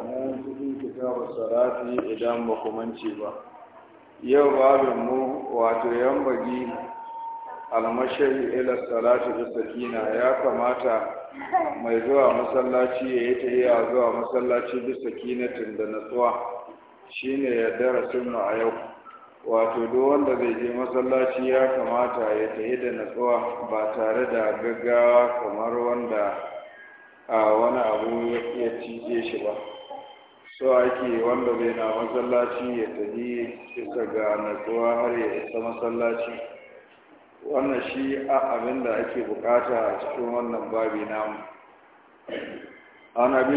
mun cikin kitabar sarati idan ba kumance ba yau babinmu wato yan bagi almashari ila salati da sakina ya kamata mai zuwa masallaci ya yi a zuwa masallaci da sakinatin da natsuwa shine ya darasin mu a yau wato duk wanda zai je masallaci ya kamata ya yi da natsuwa ba tare da gaggawa kamar wanda a wani abu ya cije shi ba so ake wanda bai na masallaci ya tafi bisa ga natsuwa har ya isa masallaci wannan shi a abin da ake bukata a cikin wannan babi namu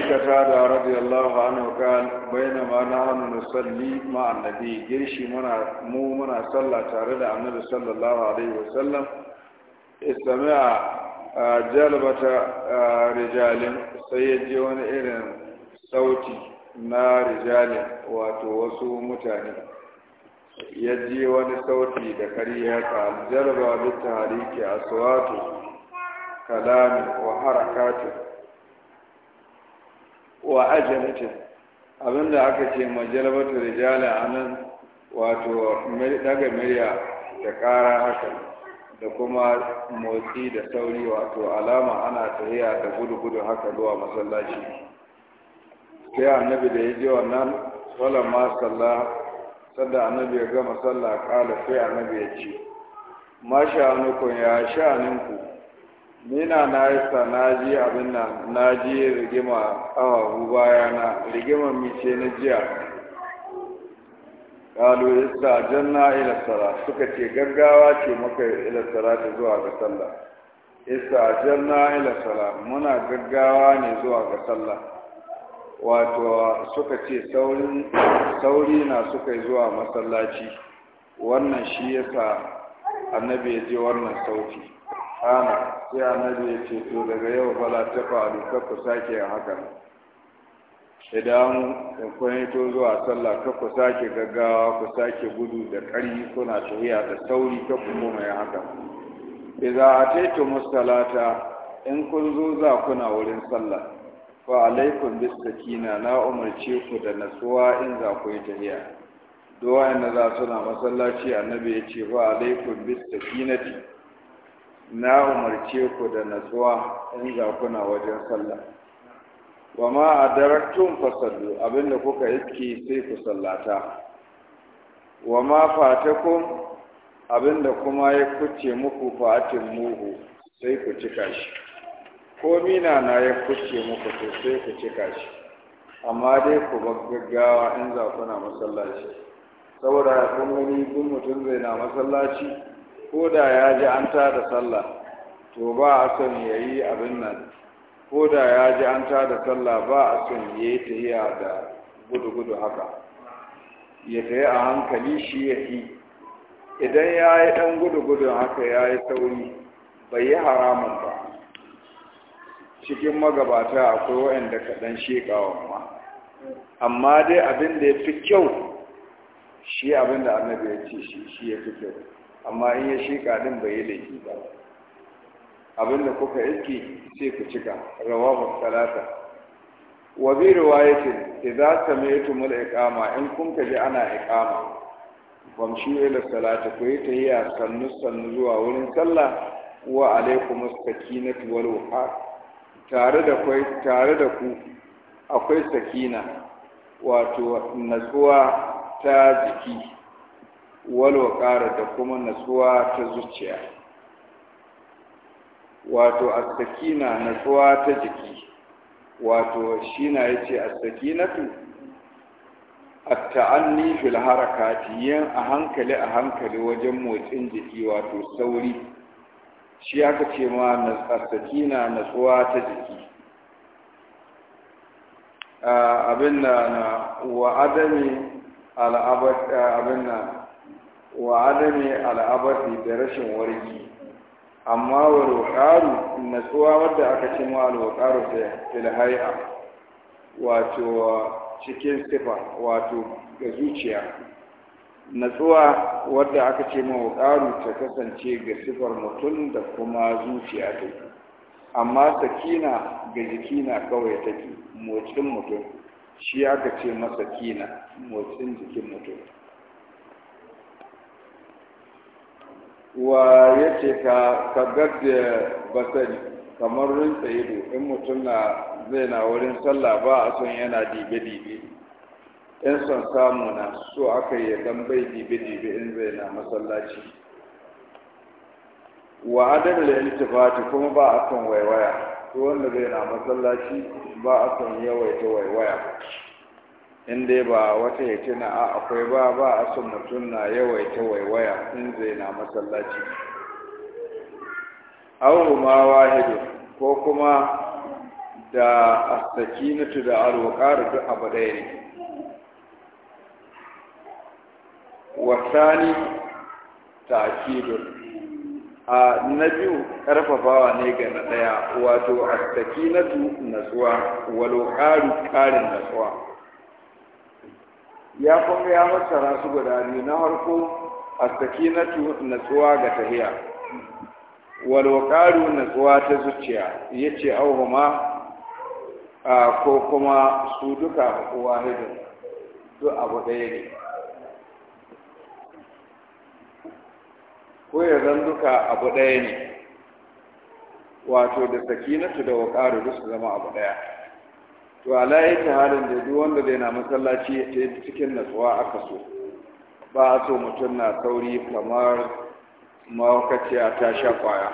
ka ta da radiyallahu anhu kan bainama nahnu nusalli ma annabi girshi muna mu muna sallah tare da annabi sallallahu alaihi wa wasallam istami'a jalbata rijalin sai ya je wani irin sauti na rijali wato wasu mutane ya ji wani sauti da kariya ka aljarba bi tariki suwatu kalami wa harakatu wa ajalatin abinda aka ce rijali a anan wato daga murya da ƙara haka da kuma motsi da sauri wato alama ana tahiya da gudu-gudu haka zuwa masallaci sai annabi da ya ji wannan walan ma tada sanda annabi ya gama salla kala sai annabi ya ce ma sha'anukun ya sha'aninku nina na yasa na ji abin nan na ji rigima ƙafafu bayana rigima mice na jiya kalu isa janna ila sala suka ce gaggawa ce maka ila sala ta zuwa ga sallah isa janna ila sala muna gaggawa ne zuwa ga sallah wato suka ce sauri na suka yi zuwa masallaci wannan shi yasa annabi ya je wannan sauti ana sai annabi ya ce to daga yau bala ta faru kakku ku a haka idan kun to zuwa sallah ka ku sake gaggawa ku sake gudu da ƙari kuna tafiya da sauri ka goma ya haka a taito masallata, in kun zo za kuna wurin sallah fa alaikum bisakina na umarce ku da natsuwa in za ku yi tahiya duwa ina za su na masallaci annabi ya ce fa alaikum bis na umarce ku da natsuwa in za ku na wajen sallah wa ma adaraktum fasallu abinda kuka iske sai ku sallata wa ma fatakum abinda kuma ya kuce muku fatin muhu sai ku cika shi ko mina na ya kuce muku to sai ku cika shi amma dai ku ba gaggawa in za ku na masallaci saboda kun gani kun mutum zai na masallaci ko da ya ji an ta da sallah to ba a son ya yi abin nan ko da ya ji an ta da sallah ba a son ya yi iya da gudu-gudu haka ya tayi a hankali shi ya yi idan ya yi ɗan gudu-gudun haka ya yi sauri bai yi haramun ba cikin magabata akwai waɗanda kaɗan shekawa ma amma dai abin da ya fi kyau shi abin da annabi ya ce shi ya fi kyau amma in ya sheka din bai yi shi ba abin da kuka iski sai ku cika rawahu salata wa bi riwayati idza samaytu al-iqama in kun ka ji ana iqama wamshu ila salati ku yi tahiyya sannu sannu zuwa wurin sallah wa alaikumus sakinatu wal wuqar tare da kai tare da ku akwai sakina wato natsuwa ta jiki ƙara da kuma natsuwa ta zuciya wato as-sakina natsuwa ta jiki wato shi na ya ce as-sakinatu at-ta'anni fil harakati yin a hankali a hankali wajen motsin jiki wato sauri shi aka ce ma na natsuwa ta jiki abin da na wa adami al'abati da rashin wariki amma wa roƙaru natsuwa wadda aka ce ma al'oƙaru da ilhaya wato cikin sifa wato ga zuciya natsuwa wadda aka ce ma ƙaru ta kasance ga sifar mutum da kuma zuciya ta amma sakina ga jiki na kawai take motsin mutum shi aka ce masa kina motsin jikin mutum wa ya ce ka gadda basari kamar rinsa ido in mutum na zai na wurin sallah ba a son yana dibe-dibe Yan son samu na so aka yi dan bai dibe-dibe in zai na masallaci wa adar da iltifati kuma ba a son waiwaya to wanda zai na masallaci ba a son yawaita waiwaya in dai ba wata yace na a akwai ba ba a son mutum na yawaita waiwaya in zai na masallaci awu ma wahidu ko kuma da astakinatu da alwakar duk abu ne wasani ta'kidun a na biyu karfafawa ne ga na daya wato as-sakinatu natsuwa walau qaru natsuwa ya kuma ya fassara su guda biyu na farko as-sakinatu natsuwa ga tahiya walau qaru natsuwa ta zuciya yace auhuma ko kuma su duka wahidun duk abu ɗaya ne ko ya zan duka abu ɗaya ne wato da sakinatu da waƙaru duk su zama abu ɗaya to ala yake halin da duk wanda zai na masallaci ya yi cikin natsuwa aka so ba a so mutum na sauri kamar mawakaciya ta sha kwaya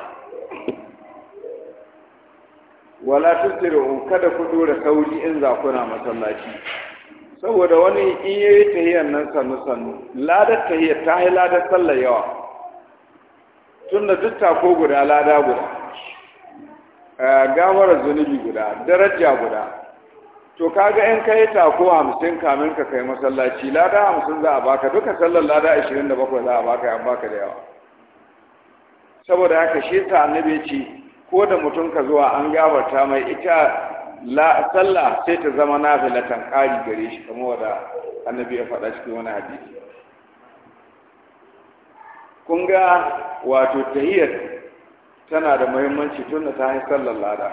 wala tusiru kada ku dora sauri in za kuna masallaci saboda wani in yi tahiyar nan sannu sannu ladar tahiyar ta yi ladar sallar yawa tun da duk tako guda lada guda eh, gamarar zunubi guda daraja guda to kaga in kai tako hamsin kamin ka kai masallaci lada hamsin za a baka duka sallar lada ashirin da bakwai za a baka an baka da yawa saboda haka shi ta annabi ce ko da mutum ka zuwa an gabarta mai ita la sallah sai ta zama nafilatan ƙari gare shi kamar wanda annabi ya faɗa cikin wani hadisi kun ga wato tahiyyar tana da muhimmanci tun da ta yi sallar lada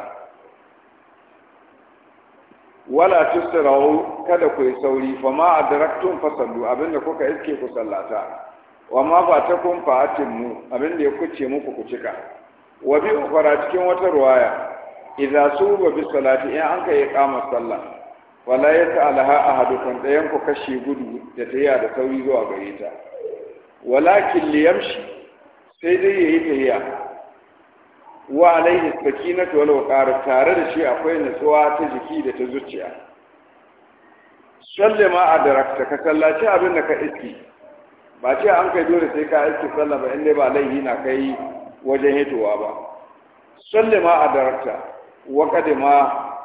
wala tusra'u kada ku yi sauri fa ma adraktum fasallu abinda kuka iske ku sallata wa ma kun fa abinda ya kuce muku ku cika wa bi ukhra cikin wata ruwaya idza suba bi salati in an kai iqamar sallah wala alaha ahadukum dayan ku kashi gudu da tayya da sauri zuwa gare ta walakin liyamshi sai dai ya yi tahiya wa alaihi sakinatu wal waqar tare da shi akwai nutsuwa ta jiki da ta zuciya sallama adarakta ka sallaci abin da ka iski ba ce an kai dole sai ka iski sallah ba inda ba laihi na kai wajen hitowa ba sallama adarakta wa kadima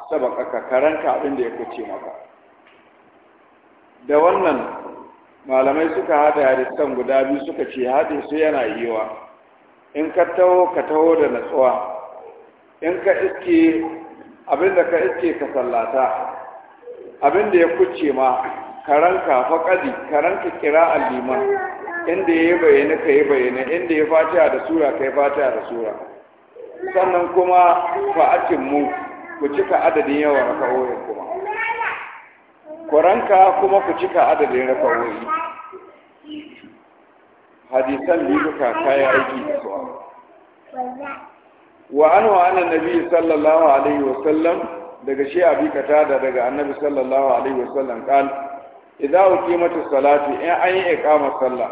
sabaka ka karanta abin da ya kuce maka da wannan malamai suka haɗa hadisan guda biyu suka ce haɗe su yana yiwa in ka taho ka taho da natsuwa in ka iske abinda ka iske ka sallata abinda ya kuce ma karanka faƙadi karanka kira alliman inda ya yi bayyana ka yi bayyana inda ya fatiha da sura ka yi fatiha da sura sannan kuma fa'atin mu ku cika adadin yawan raka'o'in kuma ku kuma ku cika adadin rafawoyi hadisan ni duka kayan aiki da su wa an wa anan nabi sallallahu alaihi wa sallam daga shi abi tada daga annabi sallallahu alaihi wa sallam idza uqimatu salatu in ayi iqama salla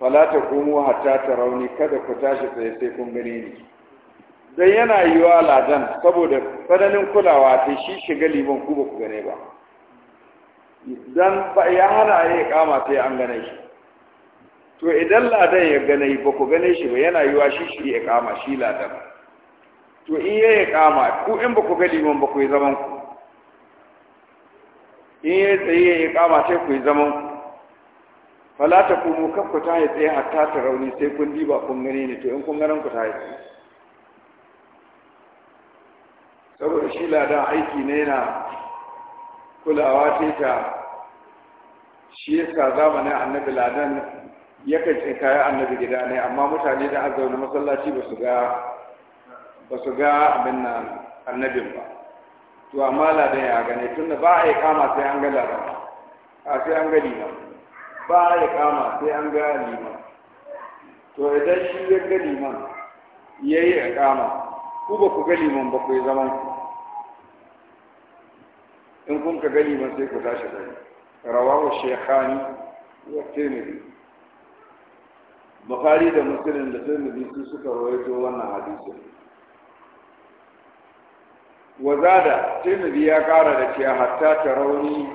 fala taqumu hatta tarawni kada ku tashi sai sai kun gane ni dan yana yiwa ladan saboda fadanin kulawa sai shi shiga liman ku ba ku gane ba dan ba ya hana ya kama sai an gane shi to idan ladan ya gane ba ku gane shi ba yana yiwa shi shi ya kama shi ladan to in ya ya kama ku in ba ku ga mun ba ku yi zaman ku in ya tsaye ya kama sai ku yi zaman ku fala ta mu kan ku ta yi tsaye hatta ta rauni sai kun diba kun gane ne to in kun garan ku ta yi saboda shi ladan aiki ne yana kulawa ce ta shi yasa zamanin annabi ladan ya kan ce kayi annabi gida ne amma mutane da aka zaune masallaci ba su ga ba su ga abin nan annabin ba to amma ladan ya gane da ba a yi kama sai an ga ladan a sai an ga liman ba a yi kama sai an ga liman to idan shi ya ga liman ya yi kama ku ba ku ga liman ba ku yi zaman ku in kun ka gani ban sai ku tashi gani rawahu shaykhani wa tirmidhi bukhari da muslim da tirmidhi su suka rawaito wannan hadisi wa zada tirmidhi ya kara da cewa hatta rauni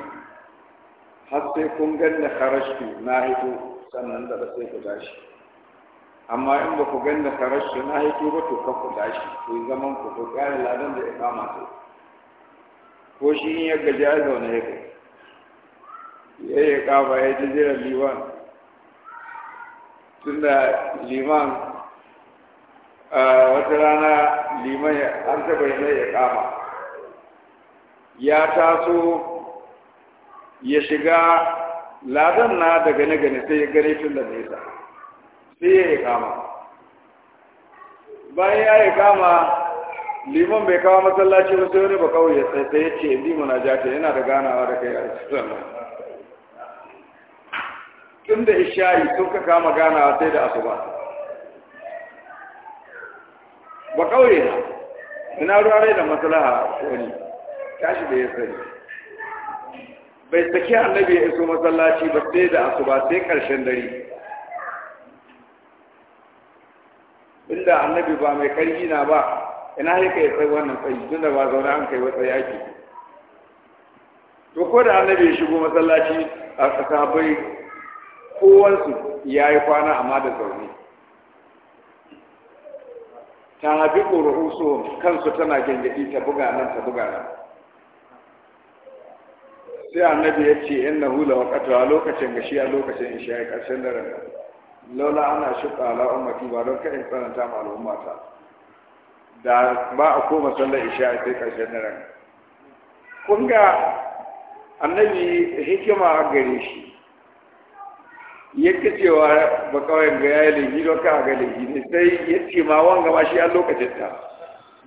har sai kun ganna kharashtu na hito sannan da sai ku tashi amma in ba ku ganna kharashtu na hito ba to ka ku tashi ku zaman ku ku kare ladan da ikama ta ko shi in ya gaji a zaune ya kai ya yi kafa ya ji jiran liman tun da liman wata rana liman an taba yi ya kama ya taso ya shiga ladan na da gane-gane sai ya gane tun da nesa sai ya yi kama bayan ya yi kama liman bai kawo masallaci ba sai wani ba kawai ya sai sai ya ce indi munajata yana da ganawa da kai a cikin tun da ishayi sun ka kama ganawa sai da asuba ba kawai na ina ruwa rai da a wani tashi da ya sani bai saki annabi ya iso masallaci ba sai da asuba sai karshen dare inda annabi ba mai karfi na ba ina ya kai tsaye wannan tsayi tun da ba zaune an kai wata yaki to ko da annabi ya shigo masallaci a sahabbai kowansu ya yi kwana amma da zaune ta habi so kansu tana gyangyaɗi ta buga nan ta buga nan sai annabi ya ce na hula waqatu a lokacin gashi a lokacin isha ƙarshen daren Lola ana shuka ala ummati ba don kai tsananta ma al'ummata da ba a koma sallar isha sai ƙarshen ran kun ga annabi hikima a gare shi yake cewa ba kawai ga ya laifi don ka ga laifi ne sai ya ce ma wanga ma shi a lokacin ta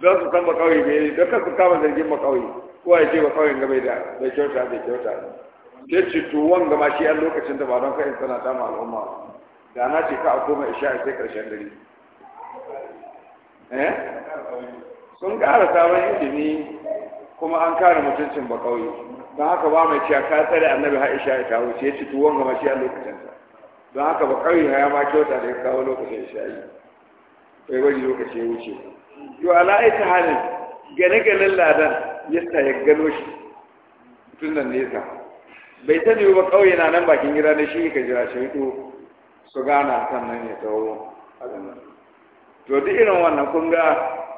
don su san ba kawai ga yi don ka su kama zargin ba kawai kowa ya ce ba kawai ga bai da kyauta bai kyauta ne ya ce to wanga ma shi a lokacin ta ba don ka in sana ta ma al'umma da na ce ka a koma isha sai karshen dare Eh? sun ƙara sabon ilimi kuma an kare mutuncin ba kauye don haka ba mai cewa ka tsare annabi Aisha ya kawo ce ci tuwon ga mace a lokacinsa don haka ba kauye ya ma kyauta da ya kawo lokacin shayi bai wani lokaci ya wuce to ala aisha halin gane ganin ladan yasta ya gano shi tun nan nesa bai sani ba kauye na nan bakin gida na shi ka jira shi su gana sannan ya kawo a to duk irin wannan kun ga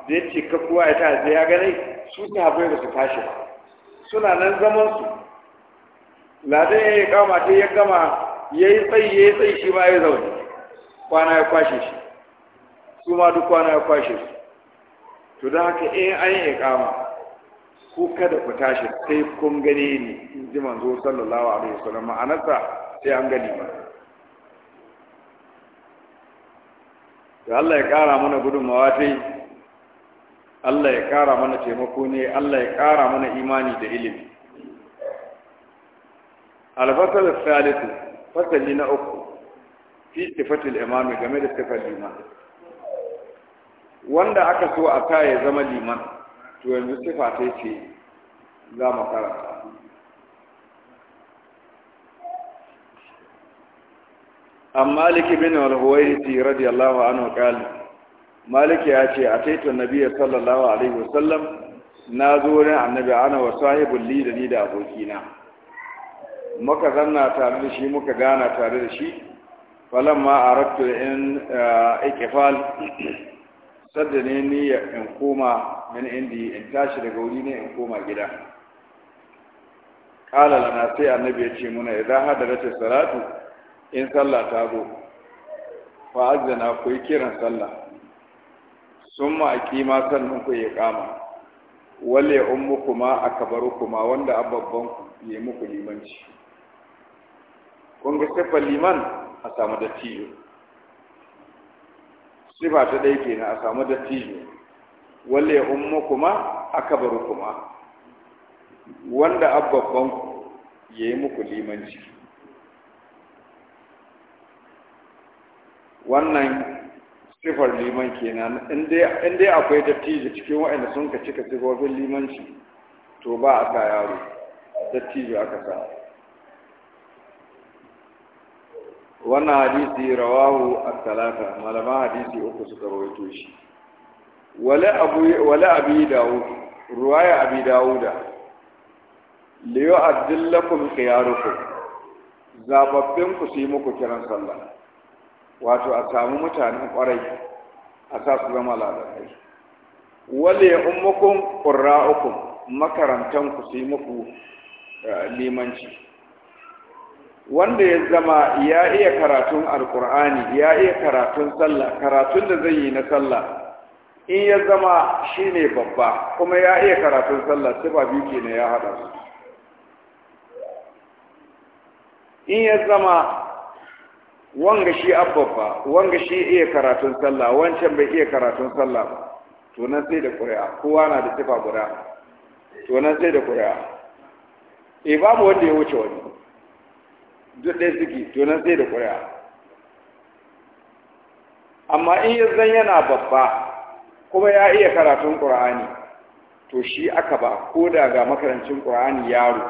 da ya ce ka kowa ya tashi ya gane su ta haɓe da su tashi ba suna nan zaman su ladan ya yi kama ta ya gama ya yi tsayi ya yi tsayi shi ma ya zaune kwana ya kwashe shi su ma duk kwana ya kwashe su to don haka in an yi kama ku kada ku tashi sai kun gane ni in ji manzo sallallahu alaihi wasallam ma'anarsa sai an gani ba to Allah ya ƙara mana gudunmawa yi, Allah ya ƙara mana taimako ne Allah ya ƙara mana imani da ilimi Alfasar salisu fasali na uku fi sifatul imami game da tifar liman wanda aka so a kaya ya zama liman to yanzu sifa ta ce za mu karanta an maliki bin al-huwaiti radiyallahu anhu qal maliki ya ce a taito nabiya sallallahu alaihi wasallam na zo wurin annabi ana wa sahibul li da ni da abokina muka zanna tare da shi muka gana tare da shi falamma aradtu in eh, ikfal sadda ne ni in koma min indi in tashi daga wuri ne in koma gida qala lana sai annabi ya ce muna idan hadarata salatu in sallah ta zo azana ku yi kiran sallah sun ma'aƙi ma sannan ku yi kama wale ummu kuma a kabaru kuma wanda a ku yi muku limanci kun ga siffar liman a samu dattijo Sifa ta ɗaya kenan a samu dattijo wale ummu kuma a kabaru kuma wanda a ku yi muku limanci wannan sifar liman kenan in dai akwai dattijo cikin waɗanda sun ka cika sifofin limanci to ba a sa yaro dattijo aka sa wannan hadisi rawahu a talata, malaman hadisi uku suka rawaito shi Wale abu wala abi dawud ruwaya abi dawuda liyo adillakum khiyarukum zababbin ku su yi muku kiran sallah wato a samu mutanen kwarai a sa su zama ladabai wale ya ummukum uku, makarantan ku su yi muku eh, limanci wanda ya zama ya iya karatun alkur'ani ya iya karatun sallah karatun da zai yi na sallah in ya zama shi ne babba kuma ya iya karatun sallah sai ba biyu ya haɗa su in ya zama wanga shi abbabba wanga shi iya karatun sallah wancan bai iya karatun sallah ba to nan sai da ƙuri'a kowa na da sifa guda to nan sai da ƙuri'a eh babu wanda ya wuce wani duk ɗaya suke to nan sai da ƙuri'a amma in ya zan yana babba kuma ya iya karatun ƙur'ani to shi aka ba ko da ga makarancin ƙur'ani yaro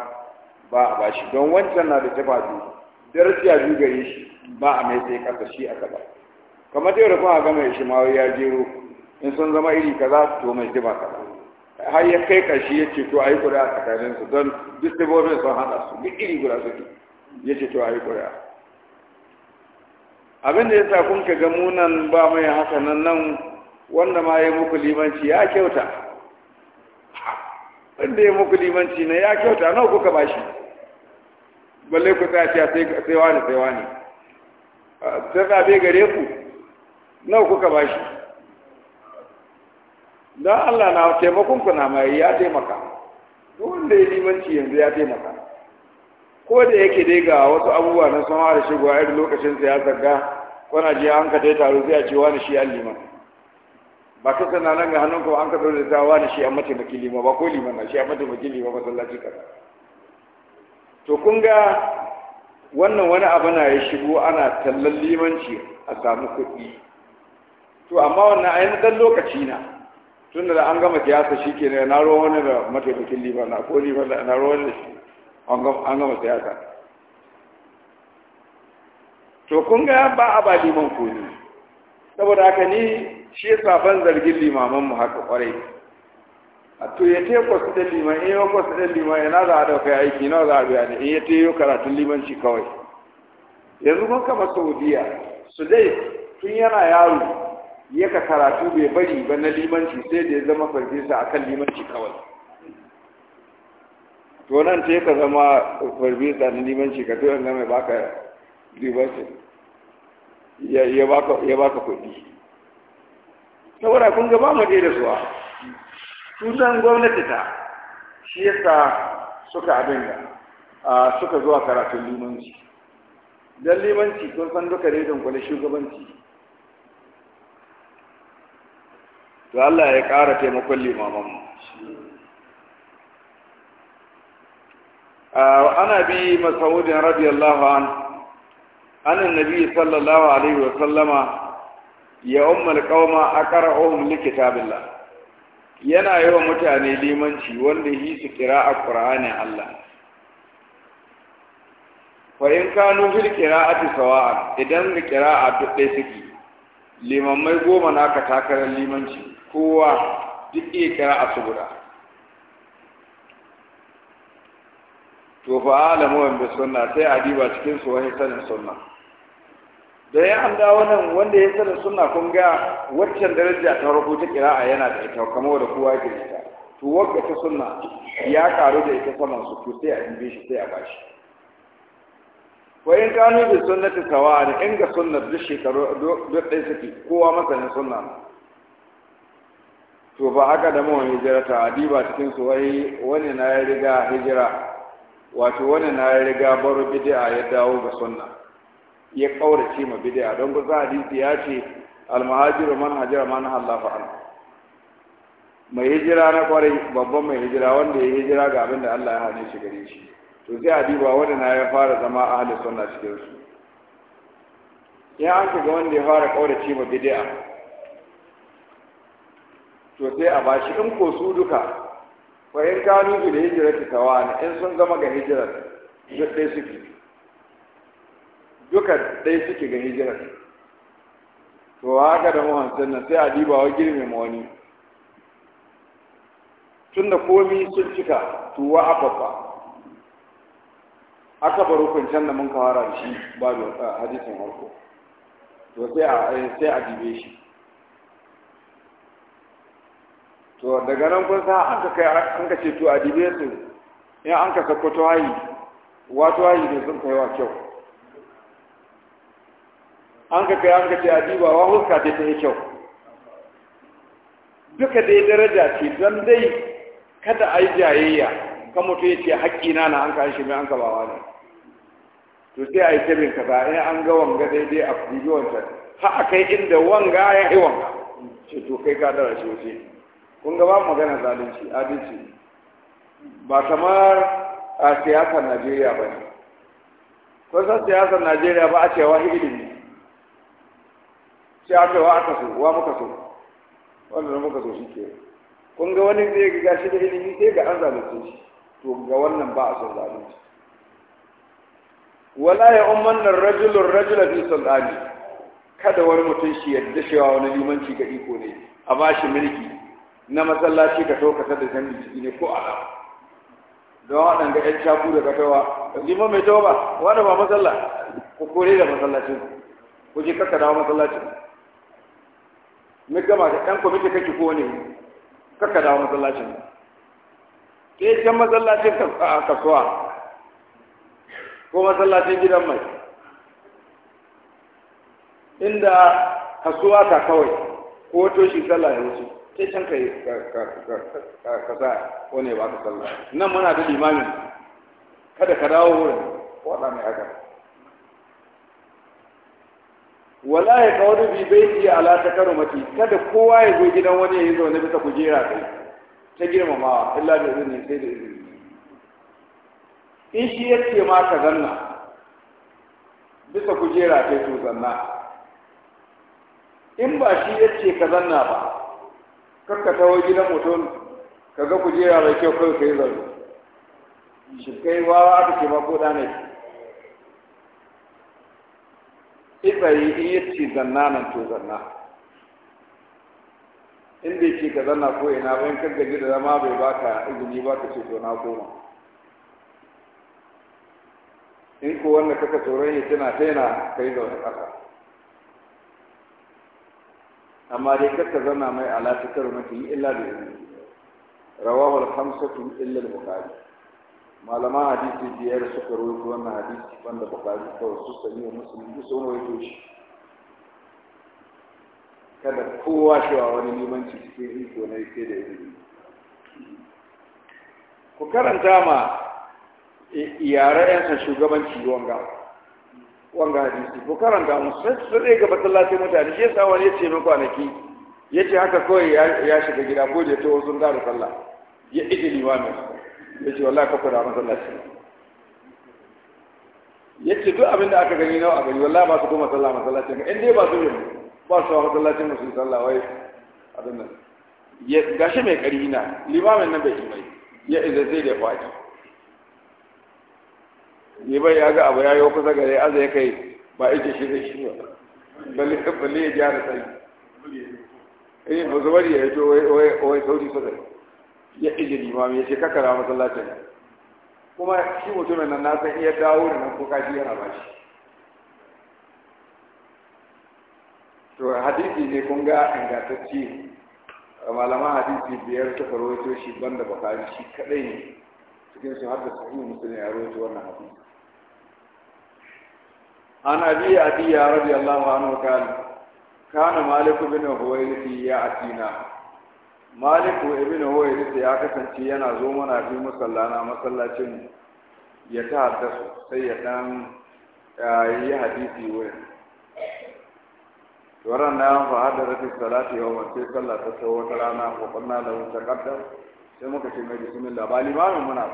ba a ba shi don wancan na da sifa biyu Darasi biyu gare shi ba a mai sai kasa shi a kaza kamar dai rufa ga mai shi ma ya jero in sun zama iri kaza to mai jima kaza har ya kai kashi ya ce to a kuri kuri'a tsakanin su don duk sun hada su duk iri guda suke ya ce to a kuri kuri'a abin da ya sa kun ka gamu nan ba mai haka nan nan wanda ma ya muku limanci ya kyauta wanda ya muku limanci na ya kyauta nawa kuka ba shi? balle ku tsaya ce sai sai wani sai wani sai bai gare ku nawa kuka bashi dan Allah na taimakon ku na mai ya taimaka duk wanda ya limanci yanzu ya taimaka ko da yake dai ga wasu abubuwa na da fara shigowa irin lokacin ya ga kwana ji an ka dai taro zai ce wani shi an liman ba ka sanana ga hannun ko an ka dole da wani shi an mataimakin ma ba ko liman na shi an mataimakin ba masallaci kaza to kun ga wannan wani abu na ya shigo ana tallan limanci a samu kuɗi to amma wannan ainihin ɗan lokaci na tun da an gama siyasa shi ke na ruwa wani da mataimakin liman na ko liman da na ruwan da shi an gama siyasa to kun ga ba a ba liman ko ne saboda haka ni shi ya ban zargin limaman mu haka kwarai to ya te kwasu da liman in yi kwasu da liman yana za a dauka aiki na za a biya ne in ya te yi karatun limanci kawai yanzu kun kama saudiya su dai tun yana yaro ya ka karatu bai bari ba na limanci sai da ya zama farfesa a kan limanci kawai to nan ta ka zama farfesa na limanci ka zama mai baka limanci ya baka kuɗi saboda kun gaba ba mu da suwa su gwamnati ta shi yasa suka abin da suka zuwa karatun limanci don limanci kun san duka ne dunkule shugabanci to Allah ya ƙara taimakon limaman mu. ana bi masaudin radiyallahu an anin nabi sallallahu alaihi wa sallama, ya ummul qauma aqra'uhum likitabillah yana yi wa mutane limanci wanda yi su kira a ƙura'anin Allah Kwayin kanu fil kira a tisawa idan da kira a suke limammai goma na ka takarar limanci kowa duk iya kira a su guda to fa alamu wa sai a diba cikin su wani sanin sunna da ya an wannan nan wanda ya sanin suna kun ga waccan daraja ta rubuta kira'a yana da ita kamar da kowa ke ita to wanda ta sunna ya karu da ita saman su ku sai a dibe shi sai a bashi wayin kanu da sunnati sawa'an in ga sunnar duk shekaru duk ɗaya suke kowa masanin sunna to ba haka da mawan ta adiba cikin su wai wani na ya riga hijira wato wani na ya riga baro bid'a ya dawo ga sunna ya kaurace ma bid'a don za hadisi ya ce muhajiru man hajara man halafa an mai hijira na kware babban mai hijira wanda ya hijira ga abin da Allah ya hane shi gare shi to sai a duba wanda na ya fara zama ahli sunna cikin su ya an ga wanda ya fara kaurace ma bid'a to sai a bashi in ko su duka fa in kanu hijira ta wani in sun gama ga hijira duk dai suke duka ɗaya suke gani hijirar to haka da muhansan nan sai a wa girme ma wani tun da komi sun cika tuwa a babba aka bar hukuncen da mun kawara da shi ba da hadisin harko to eh, sai a dibe shi to daga nan kun sa an ka kai an ka ce to a dibe su in an ka sako to hayi wato hayi ne sun kai wa kyau an ka kai an ka ce a wa huska ce ta yi kyau duka dai daraja ce don dai kada a yi jayayya kan mutum ya ce haƙƙina na an ka shi mai an ka bawa ne to sai a yi ka, ba in an ga wanga daidai a kuji wancan ha a kai inda wanga ya yi wanga ce to kai ka dara shi wuce kun ga ba magana zalunci adalci ba kamar a siyasar najeriya ba ne Kusan siyasar najeriya ba a cewa ilimi sai aka wa aka so wa muka so wannan muka so shi ke kun ga wani zai ga gashi da ilimi sai ga an zalunce shi to ga wannan ba a son zalunci wala ya umman nan rajulun rajula fi sultani kada wani mutum shi yadda cewa wani limanci ga iko ne a ba shi mulki na masallaci ka tokata da jami'i ciki ne ko ala don ga ƴan shaku da katawa liman mai tauba ba wanda ba masalla ku kore da masallacin ku je kaka dawo masallacin na gama da ɗan kwamiti kake ko ne kakka dawo masallacin ke can masallacin kasuwa ko masallacin gidan mai inda kasuwa ta kawai ko wato shi sallah ya wuce ke can ka yi kasa ko ne ba ka sallah nan muna da limamin kada ka dawo wurin waɗa mai aka wala ya kawo bi baiti ala takarumati kada kowa ya zo gidan wani ya yi zaune bisa kujera kai ta girmamawa illa da izini sai da izini in shi ya ce ma ka zanna bisa kujera kai to zanna in ba shi ya ce ka zanna ba kakka tawo gidan mutum ka ga kujera mai kyau kai ka yi shi kai wawa aka ce ma ko ne. ibayi in yi ci zanna nan to zanna in bai ce ka zanna ko ina ba in kan gaji da zama bai baka izini ba ka ce to na koma in ko wanda kaka tsoron ya tana taina kai da wani ƙasa amma dai kaka zanna mai alatikar mafi illa da yanzu, rawahu al-khamsatu illa da bukari malaman hadisi biyar suka rubuta wannan hadisi wanda bukari ko su sani wa musulmi duk sun rawaito shi kada kowa cewa wani limanci cikin iko na yake da ilimi ku karanta ma yare yansa shugabanci wanga wanga hadisi ku karanta mu sai ga masallacin mutane shi yasa wani ya ce min kwanaki ya ce haka kawai ya shiga gida ko da ta sun gano sallah ya ije limamin yace wallahi ka kuda masallaci ya ce duk abin da aka gani nawa a gani wallahi ba su goma sallah masallacin in dai ba su yi ba su hawa masallacin musu sallah wai abin nan ya gashi mai ƙari na limamin nan bai mai ya iza zai da faɗi ni bai ya ga abu ya yi kusa gare aza ya kai ba ita shi zai shi ba balle balle ya gyara sai eh ba zuwa ya yi to wai wai sauri sosai ya ɗige limami ya ce kakara masallacin kuma shi mutumin nan na san iya dawo da nan kuka shi yana bashi to hadisi ne kun ga ingantacce malaman hadisi biyar suka rawaito shi da bukari shi kadai ne cikin su har da sahihu muslim ya rawaito wannan hadisi an abi abi ya radiyallahu anhu kana kana malik bin huwaili ya atina maliku ibn da ya kasance yana zo mana fi musallana masallacin ya ta haddasu sai ya dan yi hadisi wurin tuwaran na da hadarati salati yau mace sallah ta sau wata rana ko kunna da wuce kaddar sai muka ce mai bismillah ba limamin muna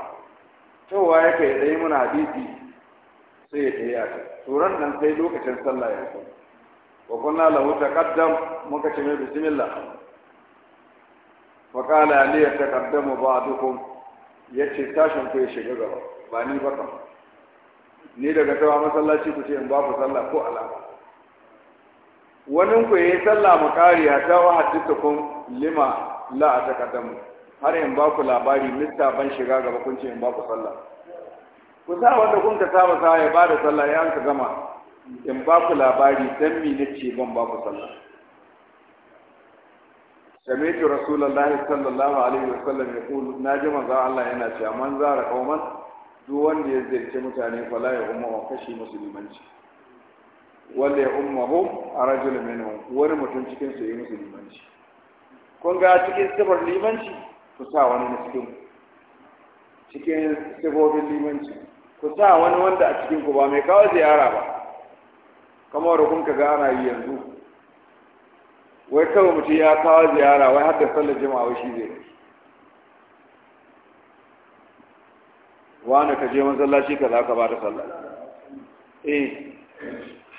cewa yake ya dai muna hadisi sai ya tayi a ta turan nan sai lokacin sallah ya ko wa da lahu taqaddam muka ce mai bismillah faƙala ne ya taƙaddamu ba dukun ya ce tashin ku ya shiga gaba ba ni ba kan ni daga tawa masallaci ku ce in ba ku sallah ko alama wanin ku yi sallah mu ya ta wa hadisa kun lima la a taƙaddamu har in ba ku labari mista ban shiga gaba kun ce in ba ku sallah ku sa wanda kun ka saba sa ya ba da sallah ya an ka gama in ba ku labari dan mi nace ban ba ku sallah سمعت رسول الله صلى الله عليه وسلم يقول ناجم الله yana cewa من زار kauman دو وند ya متاني فلا fala وكشي مسلمين wa kashi رجل منهم ور umma cikin su yi musulmanci kun ga cikin sibar limanci ku sa wani cikin cikin sibobin limanci ku sa wani wanda a cikin ku ba mai kawo ziyara ba kamar hukunka ga ana yi yanzu wai kawai mutum ya kawo ziyara wai har da sallar jama'a wai shi zai wani ka je masallaci ka za ka ba da sallah eh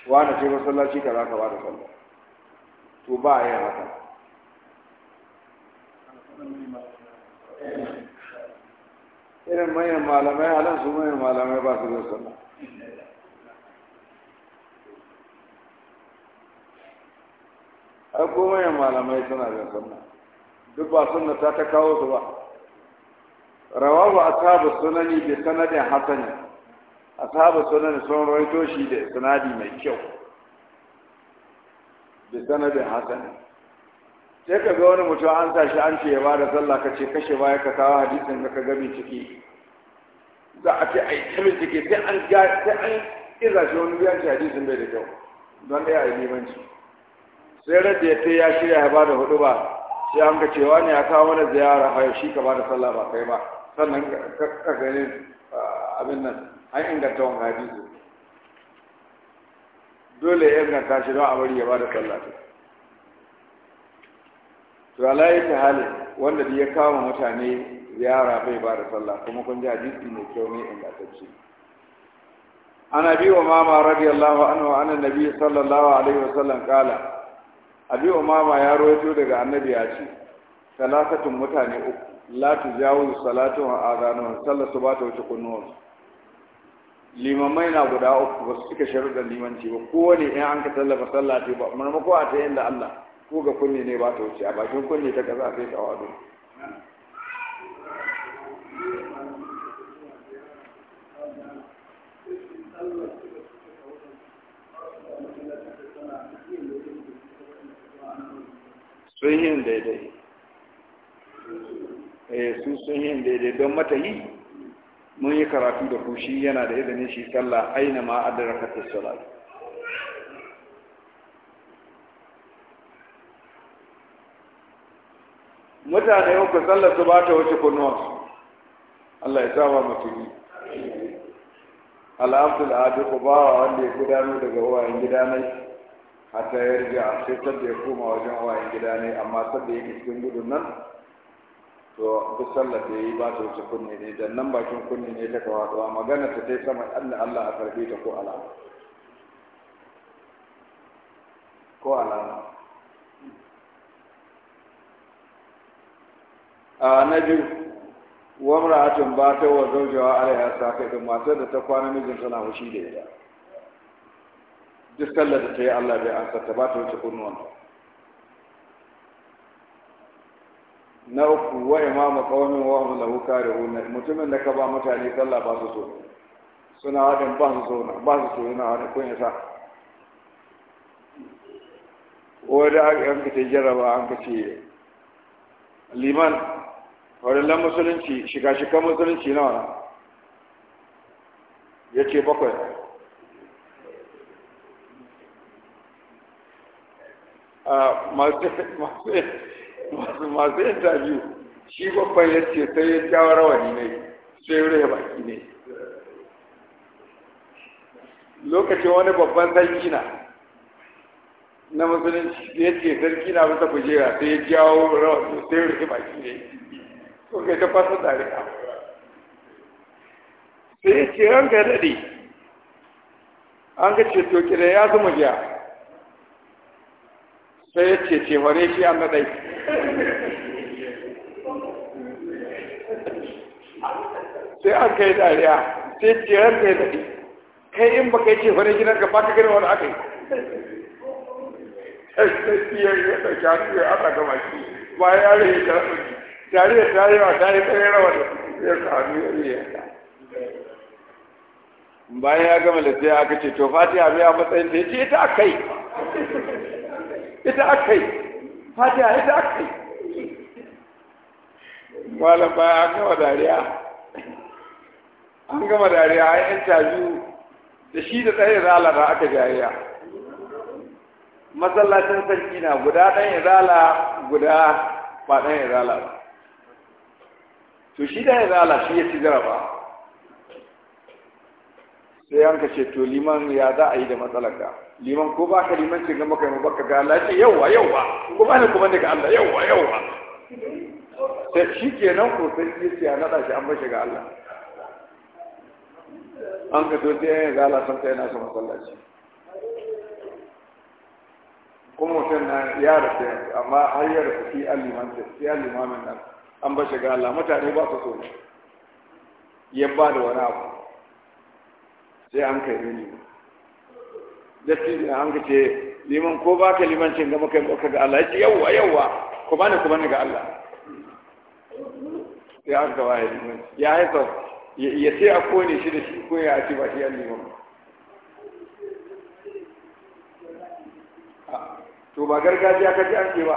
wani ce masallaci ka za ka ba da sallah to ba a yi haka irin manyan malamai halin su manyan malamai ba su zai sallar ai yin malamai suna da sunna duk ba sunna ta ta kawo su ba rawahu ashabu sunani bi sanadin hasani ashabu sunani sun rawaito shi da sanadi mai kyau bi sanadin hasani sai ka ga wani mutum an sa shi an ce ya bada sallah ka ce kashe baya ka kawo hadisin ka ka gami ciki za a ce ai ta ciki sai an sai an iza shi wani biyan shi hadisin bai da kyau don ɗaya a yi limanci sai rage ya ta ya shirya ya bada hudu ba sai an ga cewa ne ya kawo mana ziyara a shi ka bada sallah ba kai ba sannan ka gani abin nan an inganta wani hadisi dole ya inganta shi don a bari ya bada sallah ta to ala yi ta hali wanda da ya kama mutane ziyara bai bada sallah kuma kun ji hadisi mai kyau ne ingantacce عن ابي امامه رضي الله عنه عن النبي صلى الله عليه وسلم قال abi umama ya rawaito daga annabi ya ce salasatun mutane uku la tujawizu salatu wa azanu sallatu ba ta wuce kunnuwansu limamai na guda uku ba su cika sharuɗan limanci ba kowane in an ka tallafa sallati ba marmako a ta yin da Allah ko ga kunne ne ba ta wuce a bakin kunne ta kasa sai ta wado sun yin daidai eh su sun yin daidai don mata yi mun yi karatu da kushi yana da izinin shi sallah aina ma adraka tas-salat mutane uku sallar su ba ta wuce kunnuwansu Allah ya saba mutum yi al'abdul adu ku ba wanda ya gudano daga wayan gidanai hatta ya riga sai sadda ya koma wajen wayan gida ne amma sadda yake cikin gudun nan to duk sallar da yi ba ta wuce kunne ne dan nan bakin kunne ne ta A magana ta sai sama Allah Allah a karbe ta ko alama ko alama a na biyu wamra'atun ba ta wa zaujawa kai da matar da ta kwana mijin tana hushi da ita duk kalla da ta yi Allah bai ansa ta ba ta wuce kunnuwan na uku wa imamu kawamin wa wani lahu karihun mutumin da ka ba mutane sallah ba su so suna wadin ba su zauna, ba su so yana wani kunya sa. Wadda an ka ta jarraba an ka ce liman farillan musulunci shiga-shigan musulunci nawa ya ce bakwai masu interview shi babban ya ce sai ya jawo rawani ne sai rage baki ne lokacin wani babban sarki na na musulunci da ya ce sarki na bisa kujera sai ya jawo rawani sai rage baki ne ko kai ta fasa tare ka sai ya ce ranka daɗe an ga ceto kira ya zama jiya sai ya ce ce shi an daɗai sai an kai dariya sai ce ran kai daɗi kai in baka ce shi na, ka fata gani wani aka yi sai ya yi ya gama shi ba ya rage ta ɗauki ta yi ya bayan ya gama da sai aka ce to fatiha bai a matsayin da ya ce ta kai ita aka yi fatiha ita aka yi wala baya an gama dariya an gama dariya a yan caju da shi da tsaye zala da aka jariya masallacin sarki na guda ɗan izala guda ba ɗan izala ba to shi ɗan izala shi ya ci jaraba sai an kace to liman ya za a yi da matsalar ka liman ko baka liman ce gama kai mabaka ga Allah ce yawa yawa ko ba ne kuma daga Allah yawa yawa sai shi kenan ko sai shi ya nada shi an bashi ga Allah an ka to sai ga Allah san kai na son masallaci kuma mutum na ya rasu yanzu amma har ya rasu fi aliman fi aliman nan an bashi ga Allah mutane ba su so ne ya ba da wani abu sai an kai nuni ne an ka ce liman ko ba ka limancin ga maka ga Allah ya ce yawwa yawwa ne ko ba ne ga Allah sai an ka waye liman ya haifa ya sai a kone shi da shi ko ya ci ba shi an liman to ba gargajiya ka ji an ce ba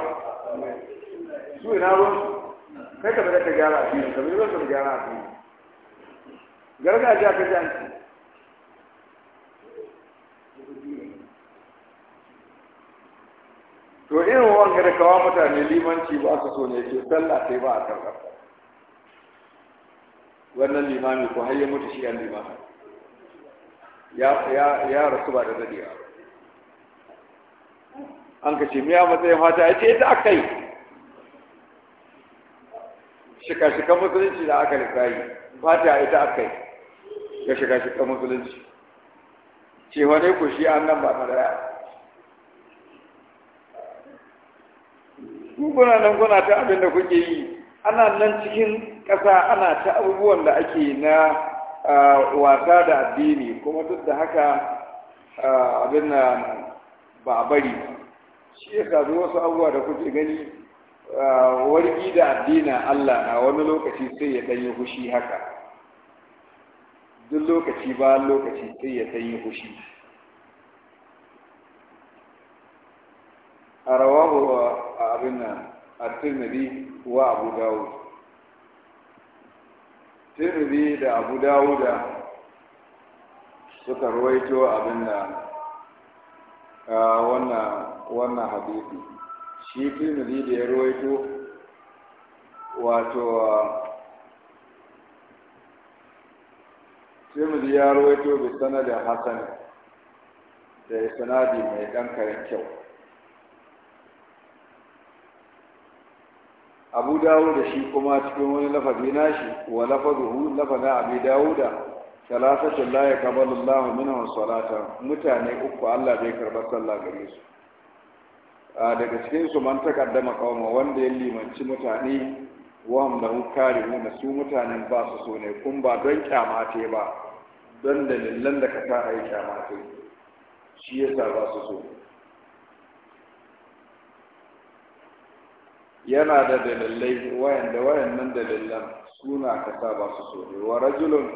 su ina ruwan kai ka bada ka gyara a fiye ka bada ka gyara a fiye gargajiya ka ji an ce to irin wanga da kawo mutane limanci ba su so ne ce sallah sai ba a karkar wannan limami ko har ya mutu shi yan limamin ya ya ya rasu ba da dadewa an ka ce miya matsayin fata ya ce ita aka yi shika-shikan musulunci da aka lissayi fata ita aka yi ga shika-shikan musulunci cewa dai ku shi an nan ba ku kuna nan kuna ta abin da kuke yi ana nan cikin ƙasa ana ta abubuwan da ake na wasa da addini kuma duk da haka abin na ba shi ya sadu wasu abubuwa da kuke gani wargi da addinin allah na wani lokaci sai ya ɗanyi fushi haka duk lokaci ba lokaci sai ya sanyi fushi a rawahu a abin nan a tirmidhi wa abu dawud tirmidhi da abu dawuda suka ruwaito abin da wannan hadisi shi tirmidhi da ya ruwaito wato Sai mu ya rawaito bi sanadin hasan da sanadi mai dan kyau abu dawud shi kuma cikin wani lafazi shi, wa lafazuhu lafaza abi dawud salatatun la yaqbalu Allahu minhu salata mutane uku Allah bai karba sallah gare su daga cikin su man takaddama qauma wanda ya limanci mutane wahum lahum karihuna su mutanen ba su so ne kun ba don kyama te ba don dalilan da ka sa a yi kyama te shi yasa ba su so yana da dalilai wayanda wayannan dalilan suna ka sa ba su so ne wa rajulun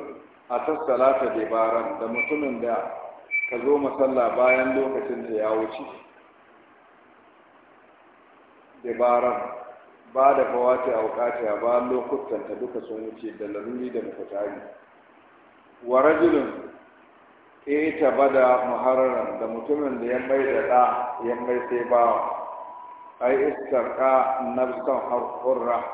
a tassalata dabaran da mutumin da ka zo masalla bayan lokacin da ya wuce dabaran ba da fawati a ya ba lokutanta duka sun wuce da laruri da mafitari wa rajulun ita bada muhararan da mutumin da ya mai da ɗa ya mai sai ba ai istarka nafsan hurra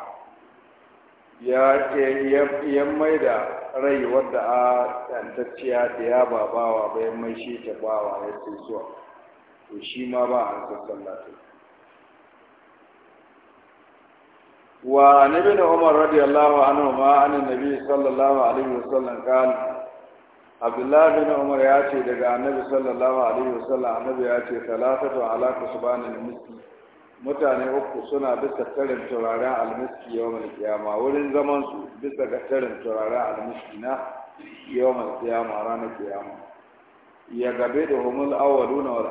ya ya mai da rai wadda a tantacciya da ya ba bawa bayan mai shi ta bawa ya fi zuwa to shi ma ba a sassan lafiya wa nabi da umar radiyallahu anhu ma an nabi sallallahu alaihi wasallam kan abdullahi bin umar ya ce daga annabi sallallahu alaihi wasallam annabi ya ce salatatu ala kusbanin miski mutane uku suna bisa tarin turaren almiski yawmal kiyama wurin zaman su bisa ga tarin turaren almiski na yawmal kiyama ranar kiyama ya gabe da humul awwaluna wal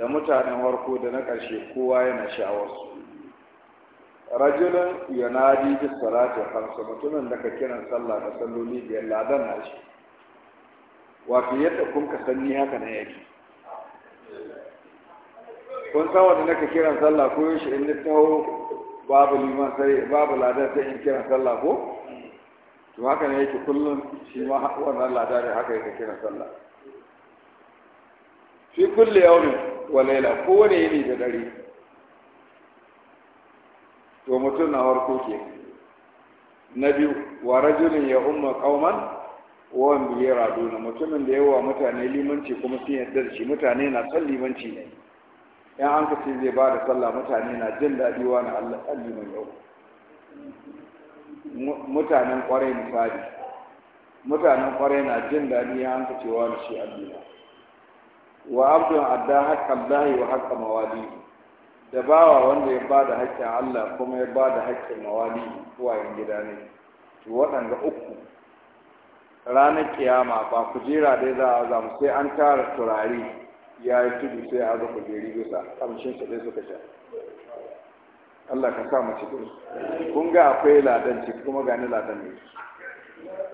da mutanen warko da na ƙarshe kowa yana sha'awarsu rajulun yanadi bis salati khamsa mutumin da ka kiran sallah da salloli biyar ladan na shi wato yadda kun ka sanni haka na yake kun san wanda naka kiran sallah ko yaushe in littawo babu liman sai babu ladan sai in kiran sallah ko to haka ne yake kullum shi ma wannan ladan ne haka yake kiran sallah fi kulli yawmin wa layla kowane yini da dare to mutum na warko ke na biyu wa rajulin ya umma kauman wan biye raduna mutumin da yawa mutane limanci kuma sun yarda da shi mutane na son limanci ne yan an ka zai ba da sallah mutane na jin daɗi wa na Allah liman yau mutanen kwarai misali mutanen kwarai na jin daɗi ya hanka cewa da shi addini wa abdun adda haƙƙan lahi wa haƙƙa mawali da bawa wanda ya ba da haƙƙin Allah kuma ya ba da haƙƙin mawali yin gida ne to waɗanda uku ranar kiyama ba kujera dai za a zamu sai an tara turare ya yi tudu sai a zo kujeri bisa kamshin su dai suka sha Allah ka sa mu cikin kun ga akwai ladan ciki kuma ga ni ladan ne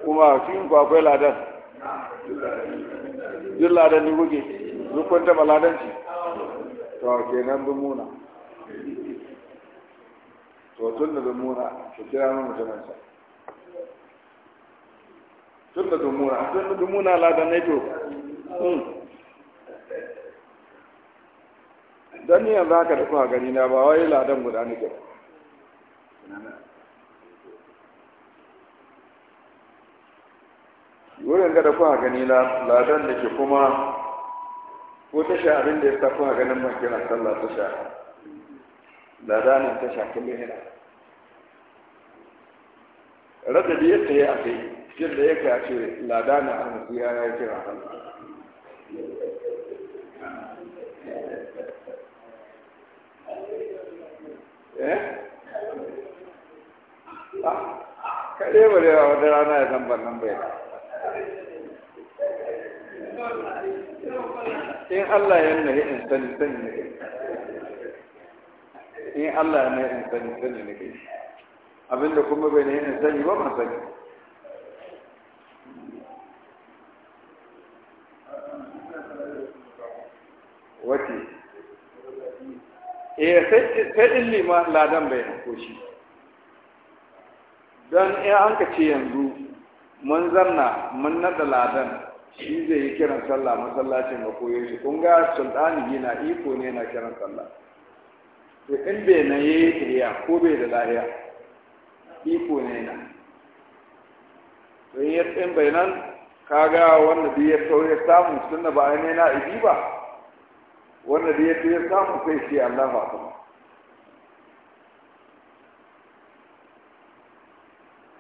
kuma cikin ku akwai ladan duk ladan ne kuke duk kun taɓa ladan ciki to kenan Muna? to tun da dumuna ki kira mu mutumin sa tun da dumuna tun da dumuna ladan ne to hmm. dan ni yanzu haka da kuka gani na ba wai ladan guda ke. wurin ga da kuka gani na ladan da ke kuma ko ta sha abin da ya sa kuka ganin man kira sallah ta sha da ladanin ta shafi lahira rada da yadda ya ake cikin da ya kai ce ladanin almasi ya yi kira eh kaɗai ba da wata rana ya zan nan bai in Allah ya nahi in sani sani ne in Allah ne in sani sani ne kai abinda kuma bai ne in sani ba ban sani wace eh sai in lima ladan bai hanko shi don in an ka ce yanzu mun zanna mun nada ladan shi zai yi kiran sallah masallacin ga koyo shi kun ga sultani na iko ne na kiran sallah to in bai na ya yi kiriya ko bai da lahiya iko ne na to in bai nan kaga wanda bai ya tsawo ya samu sunna ba a nena ibi ba wanda bai ya tsawo ya samu sai shi Allah ba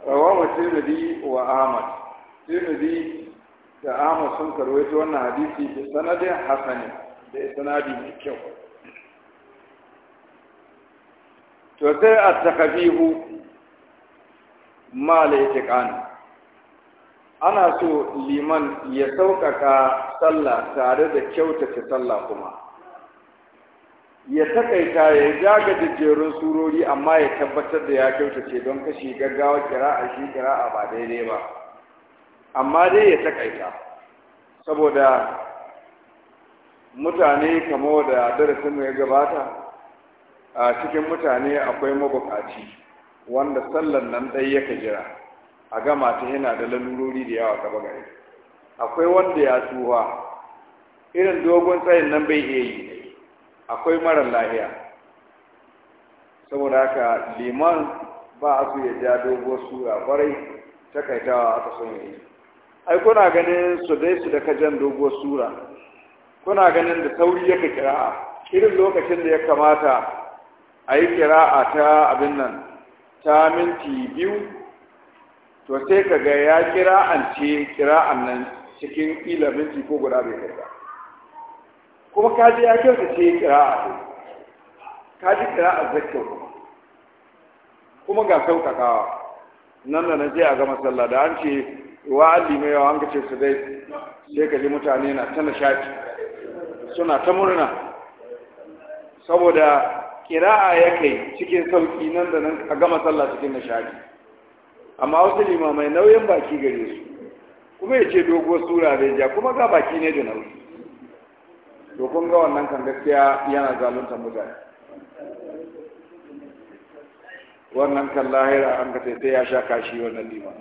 ta wa tirmidhi wa ahmad tirmidhi da ahmad sun karwaito wannan hadisi da sanadin hasani da sanadi mai kyau to sai a takabihu ma laitiƙani ana so liman ya sauƙaƙa sallah tare da kyautata sallah kuma ya takaita ya jaga da jerin surori amma ya tabbatar da ya kyautace don kashe gaggawa a shi a ba daidai ba amma dai ya takaita saboda mutane kamar da darasin ya gabata a cikin mutane akwai mabukaci wanda sallan nan ɗai yaka jira a gama ta yana da lalurori da yawa gaba gare akwai wanda ya tsuwa irin dogon tsayin nan bai iya yi akwai marar lahiya saboda haka liman ba a su ya ja dogon sura kwarai takaitawa aka son yi ai kuna ganin su dai su da kajan dogon sura kuna ganin da sauri yaka kira irin lokacin da ya kamata a yi kira'a ta abin nan ta minti biyu to sai ka ga ya kira'ance kira'an nan cikin ila minti ko guda bai kai ba kuma ka ji ya kyauta ce kira'a ce ka ji kira'a zai kyau kuma kuma ga sauƙaƙawa nan da na je a gama sallah da an ce wa allimai yawa an ce su dai sai ka ji mutane na ta nishaɗi suna ta murna saboda kira'a ya kai cikin sauki nan da nan a gama sallah cikin nishadi amma wasu limamai nauyin baki gare su kuma ya ce doguwar sura zai ja kuma ga baki ne da nauyi to kun ga wannan kan gaskiya yana zalunta mutane wannan kan lahira an ka sai ya sha kashi wannan lima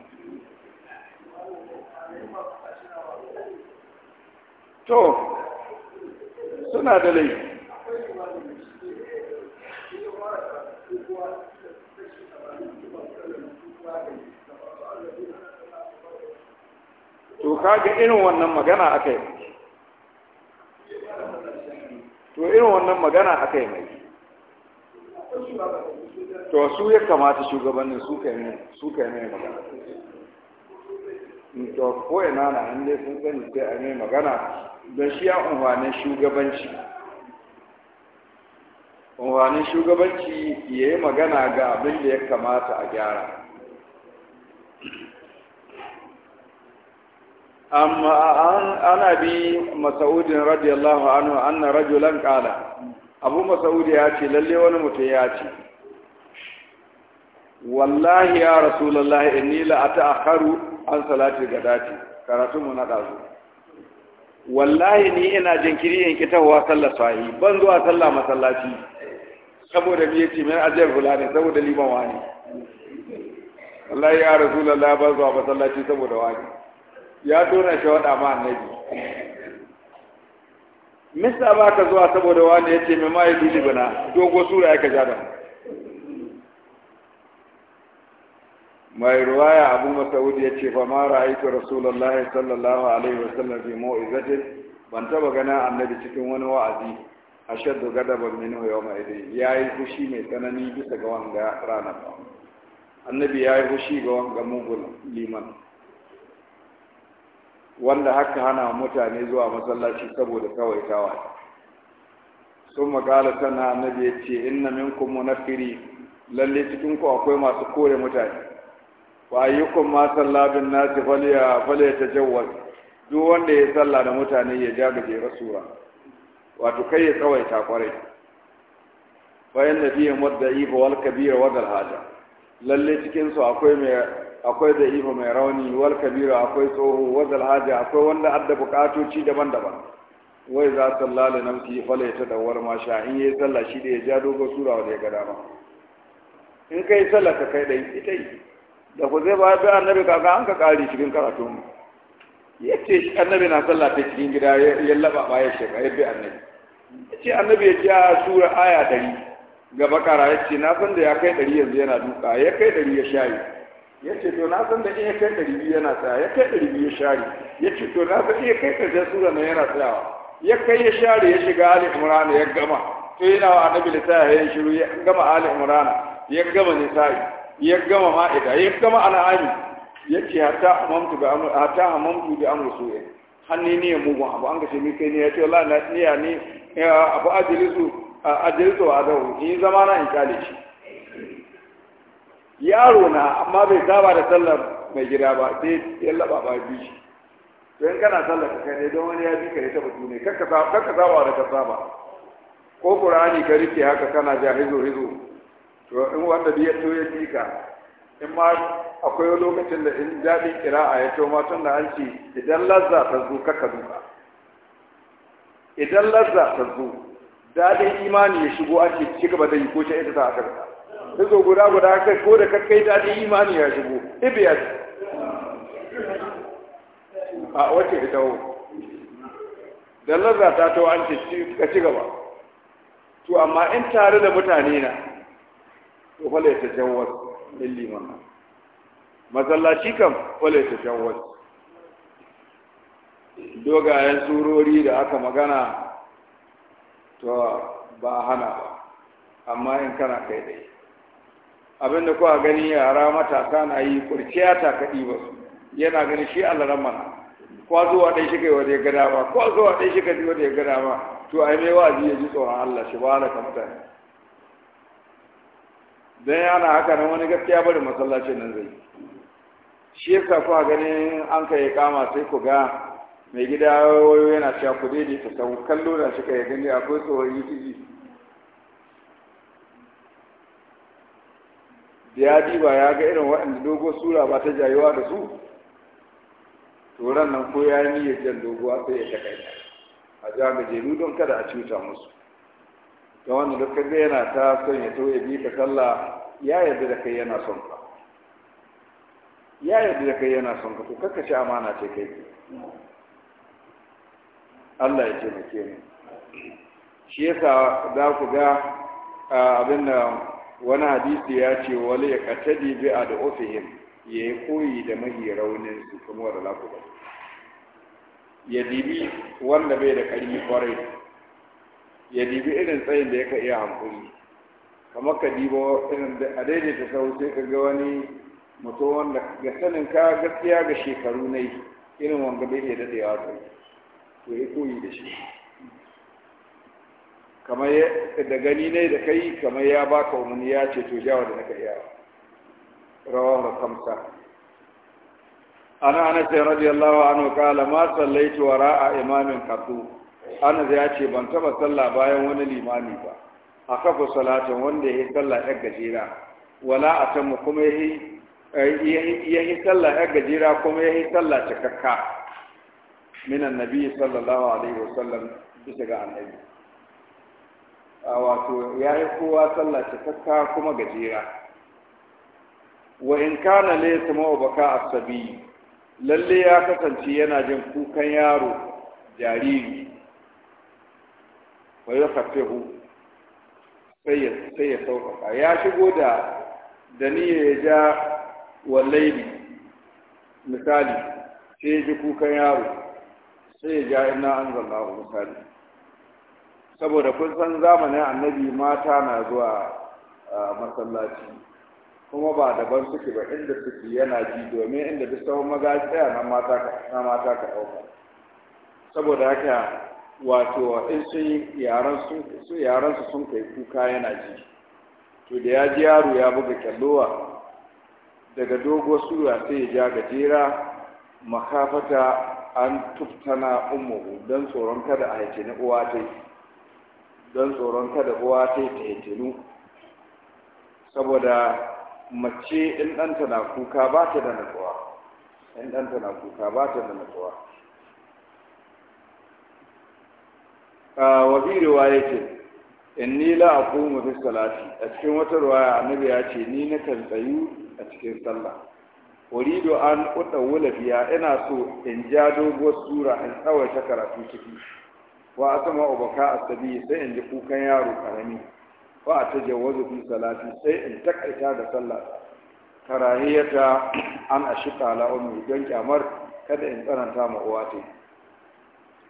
to suna da laifi to kaga irin wannan magana akai to irin wannan magana akai mai to su ya kamata shugabannin su kai ne su kai ne magana mm, to ko ina na an dai sun sani sai a ne magana don shi ya unhwanin shugabanci unhwanin shugabanci ya yi magana ga abin da ya kamata a gyara amma an abi masaudin radiyallahu anhu anna rajulan qala abu masaud ya ce lalle wani mutum ya ce wallahi ya rasulullahi inni la ata'akharu an salati gadati karatu mu na dazu wallahi ni ina jinkiri in kitawa sallar sahi ban zuwa sallah masallaci saboda me yace mai ajal fulani saboda liman wani wallahi ya rasulullahi ban zuwa masallaci saboda wani ya tona shi waɗa ma annabi mista ba ka zuwa saboda wani ya ce mai ma ya duli bana dogo sura ya ka ja da mai ruwaya abu masaud ya ce fa ma ra'aytu rasulullahi sallallahu alaihi wa sallam, fi mu'izatin ban taba gana annabi cikin wani wa'azi ashaddu gadaban minhu yawma idin yayi fushi mai tsanani bisa ga wanga ranar annabi yayi fushi ga wanga mugun liman wanda haka hana mutane zuwa masallaci saboda kawai tawa sun magala sana na ya ce inna minkum munafiri lalle cikin ku akwai masu kore mutane wa ayyukum ma salla bin nasi falya falya tajawwaz duk wanda ya salla da mutane ya ja gaje rasura wato kai ya tsawaita kwarai bayan nabiyin wadda ifa wal kabira wadal haja lalle cikin su akwai mai akwai da ihu mai rauni wal kabiru akwai tsoho wazal haja akwai wanda adda bukatoci daban-daban wai za su da namsi fala ya tadawar ma sha in yayi sallah shi da ya ja dogon sura wa da ya ga dama in kai sallah ka kai dai ita yi da ku zai ba da annabi ka ga an ka kare cikin karatu yace annabi na sallah ta cikin gida ya laba ba ya shiga ya bi annabi yace annabi ya ja sura aya 100 ga bakara yace na san da ya kai 100 yanzu yana duka ya kai 100 ya shayi ya ce to na san da iya kai ɗari biyu yana tsaya ya kai ɗari biyu share ya ce to na san iya kai ƙarshen sura nan yana tsayawa ya kai ya share ya shiga ali imran ya gama to yana wa annabi ta ya shiru ya gama ali imran ya gama nisa'i ya gama ma'ida ya gama al'ami ya ce hatta hamamtu bi amru hatta hamamtu bi amru su'e hanni ne mugun abu an ga shi kai ne ya ce wallahi na ni abu ajilisu ajilisu wa in zama na in kale shi yaro na amma bai saba da sallar mai gida ba sai ya laba ba bi shi to in kana sallar ka kai don wani ya bi ka ya taba ne, kakka kakka saba da ka saba ko qur'ani ka rike haka kana ja hizo hizo to in wanda bi ya to ya bi ka in ma akwai lokacin da in daɗin kira'a ya to ma tun da an ce idan lazza ta zo kakka duka idan lazza ta zo daɗin imani ya shigo ake ci gaba da yi ko sai ita ta aka zo guda guda kai ko da kai daɗi imani ya shigo ibiyar a wace ita wo da lazza ta to an ce ka ci gaba to amma in tare da mutane na to wala ta jawwa illi mana masallaci kam wala ta jawwaz dogayen surori da aka magana to ba hana ba amma in kana kai dai abin da kuka gani yara matasa na yi kurciya ta kaɗi ba su yana gani shi Allah ran mana kwa zuwa ɗai shi kai wanda ya gada ba kwa zuwa ɗai shi kai wanda ya gada ba to ai mai wazi ya ji tsoron Allah shi ba ka mutane dan yana haka nan wani gaskiya bari masallacin nan zai shi yasa kuka ganin an kai kama sai ku ga mai gida wayo yana cewa ku daidaita sau kallo da shi kai gani akwai tsoron yi da ya diba ya ga irin waɗanda dogo sura ba ta jayuwa da su to ran nan ko ya yi niyyar jan doguwa sai ya takaita a ja gajeru don kada a cuta musu ta wanda duk kaga yana ta son ya to ya bi ka sallah ya yarda da kai yana son ka ya yarda da kai yana son ka to kakka ci amana ce kai Allah ya ke mu shi yasa za ku ga abin da wani hadisi ya ce wani ya katadi bi a da ofihim ya yi koyi da mahi raunin su kuma da laku ya dibi wanda bai da ƙarfi kwarai ya dibi irin tsayin da ya ka iya hankuli kamar ka dibo irin da, a daidaita sau sai ka ga wani mutum wanda ga sanin ka gaskiya ga shekaru na irin wanda bai iya daɗewa sai to ya koyi da shi kamar da gani ne da kai kamar ya ka umarni ya ce to jawa da naka iya rawahu khamsa ana sai radiyallahu anhu kala ma sallaitu a imamin qatu ana ya ce ban taba sallah bayan wani limami ba akafu salatan wanda yi sallah yar gajera wala mu kuma yayi yayi sallah yar gajera kuma yayi sallah cikakka minan nabi sallallahu alaihi wasallam bisa ga annabi A wato ya yi kowa sallah cikakka kuma gajera wa in kana su ma a sabi lalle ya kasance yana jin kukan yaro jariri wa ya kafe hu sai ya sauƙaƙa. ya shigo da da niyya ya ja wa wallaili misali sai ya ji kukan yaro sai ya ja ina anzalahu misali saboda kun san zamanin annabi mata na zuwa masallaci kuma ba daban suke ba inda suke yana ji domin inda duk sahun maza tsaya na mata ka ɗauka saboda haka wato in sun yaran su sun kai kuka yana ji to da ya ji yaro ya buga kyallowa daga dogo sura sai ya ja gajera makafata an tuftana ummu don tsoron kada a haice na uwa ta yi don tsoron kada uwa ta yi tunu saboda mace in ɗanta na kuka ba ta da natsuwa in ɗanta na kuka ba ta da natsuwa a wafi in ni la aqumu fi salati a cikin wata riwaya annabi ya ce ni na kan tsayu a cikin sallah uridu an wula biya ina so in ja dogo sura in tsawaita karatu ciki wa asma ubaka asabi sai in ji kukan yaro karami wa a tajawwazu fi salati sai in takaita da sallah karahiyata an ashika ala ummi don kyamar kada in tsananta ma uwa ta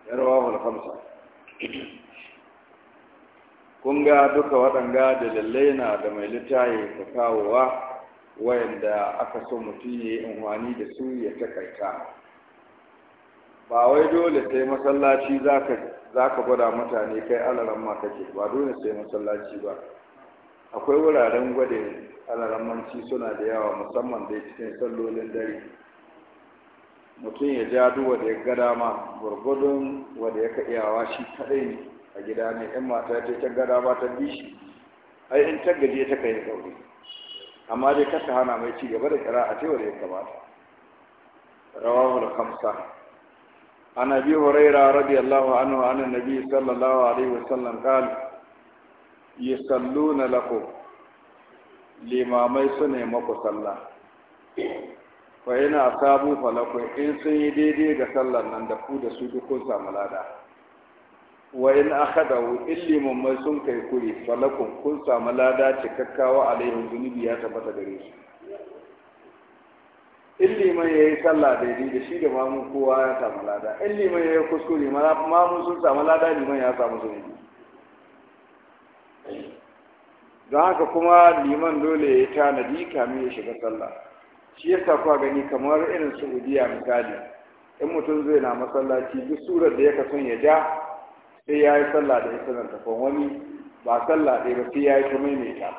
yarwahu al-khamsa kun ga duka waɗanga dalilai na da mai littaye ta kawowa wayanda aka so mutum ya yi amfani da su ya takaita ba wai dole sai masallaci za ka za ka gwada mutane kai maka kake ba dole sai masallaci ba akwai wuraren gwada manci suna da yawa musamman dai cikin sallolin dare mutum ya ja duwa da ya ga dama gwargwadon wanda ya ka iyawa shi kadai ne a gida ne in mata ta ta gada ba ta bi shi ai in ta gaje ta kai sauri. amma dai kasa hana mai ci gaba da kira a tewar ya kamata rawahu khamsa عن أبي هريرة رضي الله عنه عن النبي صلى الله عليه وسلم قال يصلون لكم limamai su ne maku sallah fa yana sabu falakun in sun yi daidai ga sallar nan da ku da su duk kun samu lada wa in akhadahu in limamai sun kai kuri falakun kun samu lada cikakkawa alaihim zunubi ya tabbata gare su in liman ya yi sallah daidai da shi da mamu kowa ya samu lada in liman ya yi kuskure mamu sun samu lada liman ya samu yi don haka kuma liman dole ya yi tanadi kamin ya shiga sallah shi ya sa kuwa gani kamar irin saudiya misali in mutum zai na masallaci duk surar da ya son ya ja sai ya yi sallah da na tafan wani ba sallah ɗaya ba sai ya yi ta maimaita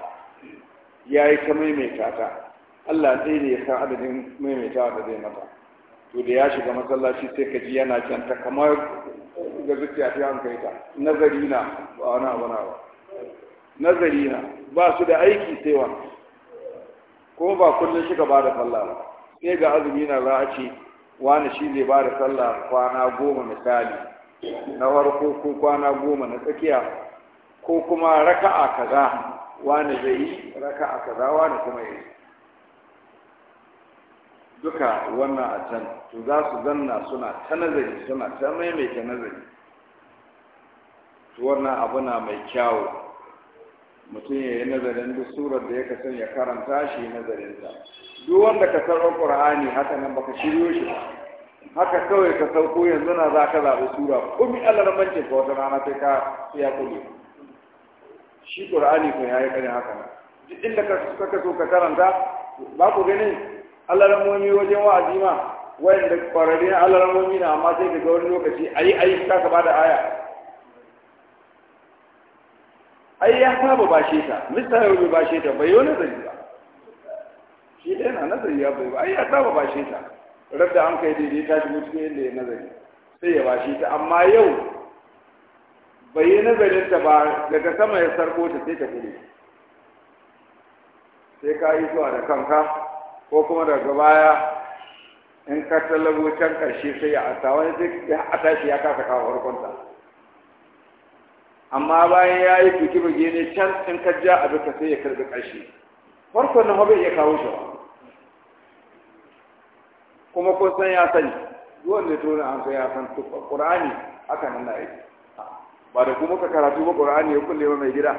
maimaita ta Allah zai ne ya san adadin maimaita da zai mata to da ya shiga masallaci sai ka ji yana canta kamar ga zuciya ta hankali ta nazari na ba wani abu na ba nazari na ba su da aiki sai wani ko ba kullum shiga ba da sallah ba sai ga azumi na za a ce wani shi zai ba da sallah kwana goma misali na farko ko kwana goma na tsakiya ko kuma raka'a kaza wani zai yi raka'a kaza wani kuma yi duka wannan a can to za su zanna suna ta nazari suna ta maimaita nazari to wannan abu na mai kyawu mutum ya yi nazarin duk surar da ya kasan ya karanta shi ta duk wanda ka sarro qur'ani haka nan baka shiryo shi ba haka kawai ka sauko yanzu na za ka zaɓi sura ko mi allah rabancin ka wata rana sai ka ya kuɗi. shi qur'ani ko ya yi kare haka nan duk inda ka so ka karanta ba ku ganin alarmomi wajen wa'azi ma da kwararri na alarmomi na amma sai daga wani lokaci ayi ayi ka ka da aya ai ya saba bashe ta mista yau bai bashe ta bai yi nazari ba shi dai na nazari ya bai ba ai ya saba bashe ta rabda an kai daidai ta shigo cikin yadda ya nazari sai ya bashe ta amma yau bai yi nazarin ta ba daga sama ya sarko ta sai ta kure sai ka yi zuwa da kanka ko kuma daga baya in ka talabo can ƙarshe sai ya asa wani sai a tashi ya kasa kawo farkonta amma bayan ya yi tuki buge ne can in ka ja a duka sai ya karbi ƙarshe farkon na hobe ya kawo shi kuma kun san ya sani duwan da tona an san ya san ƙur'ani haka nan na aiki ba da kuma ka karatu ba ƙur'ani ya kulle mai gida